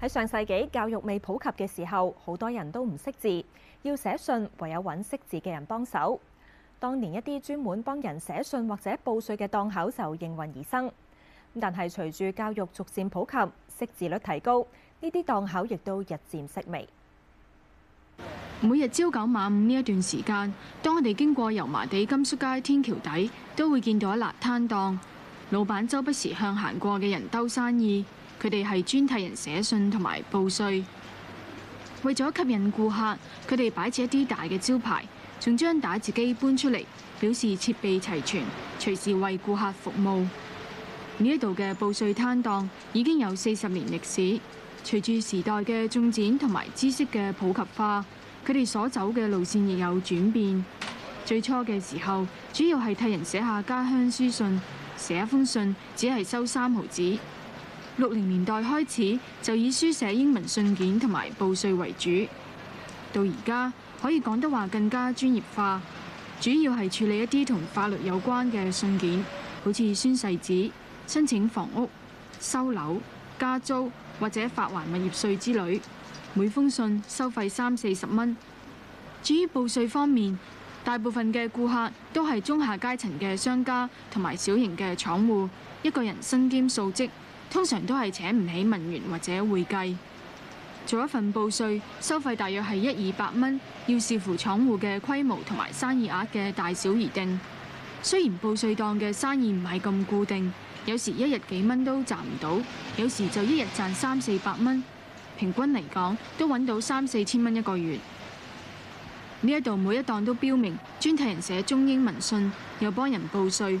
喺上世紀，教育未普及嘅時候，好多人都唔識字，要寫信唯有揾識字嘅人幫手。當年一啲專門幫人寫信或者報稅嘅檔口就應運而生。但係隨住教育逐漸普及，識字率提高，呢啲檔口亦都日漸式微。每日朝九晚五呢一段時間，當我哋經過油麻地甘肅街天橋底，都會見到一辣攤檔，老闆周不時向行過嘅人兜生意。佢哋係專替人寫信同埋報稅，為咗吸引顧客，佢哋擺設一啲大嘅招牌，仲將打字機搬出嚟，表示設備齊全，隨時為顧客服務。呢一度嘅報稅攤檔已經有四十年歷史。隨住時代嘅進展同埋知識嘅普及化，佢哋所走嘅路線亦有轉變。最初嘅時候，主要係替人寫下家鄉書信，寫一封信只係收三毫紙。六零年代開始就以書寫英文信件同埋報稅為主，到而家可以講得話更加專業化，主要係處理一啲同法律有關嘅信件，好似宣誓紙、申請房屋、收樓、加租或者發還物業稅之類。每封信收費三四十蚊。至於報稅方面，大部分嘅顧客都係中下階層嘅商家同埋小型嘅廠戶，一個人身兼數職。通常都係請唔起文員或者會計，做一份報稅收費大約係一二百蚊，要視乎廠戶嘅規模同埋生意額嘅大小而定。雖然報稅檔嘅生意唔係咁固定，有時一日幾蚊都賺唔到，有時就一日賺三四百蚊，平均嚟講都揾到三四千蚊一個月。呢一度每一檔都標明專替人寫中英文信，又幫人報稅。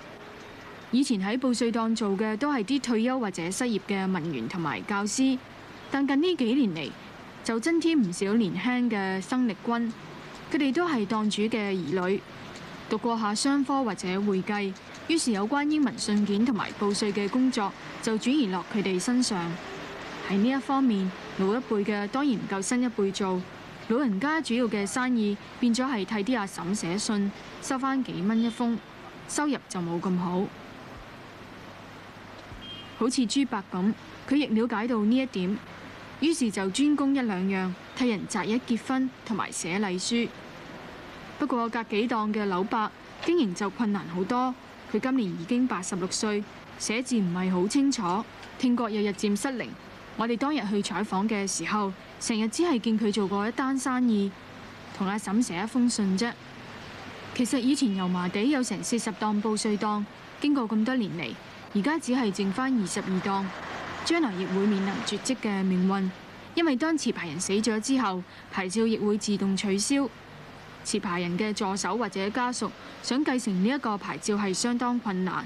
以前喺報稅檔做嘅都係啲退休或者失業嘅文員同埋教師，但近呢幾年嚟，就增添唔少年輕嘅生力軍。佢哋都係檔主嘅兒女，讀過下商科或者會計，於是有關英文信件同埋報稅嘅工作就轉移落佢哋身上。喺呢一方面，老一輩嘅當然唔夠新一輩做。老人家主要嘅生意變咗係替啲阿嬸寫信，收翻幾蚊一封，收入就冇咁好。好似朱伯咁，佢亦了解到呢一點，於是就專攻一兩樣，替人擇日結婚同埋寫禮書。不過隔幾檔嘅柳伯經營就困難好多，佢今年已經八十六歲，寫字唔係好清楚，聽覺又日漸失靈。我哋當日去採訪嘅時候，成日只係見佢做過一單生意，同阿嬸寫一封信啫。其實以前油麻地有成四十檔報稅檔，經過咁多年嚟。而家只係剩翻二十二檔，將來亦會面臨絕跡嘅命運，因為當持牌人死咗之後，牌照亦會自動取消。持牌人嘅助手或者家屬想繼承呢一個牌照係相當困難。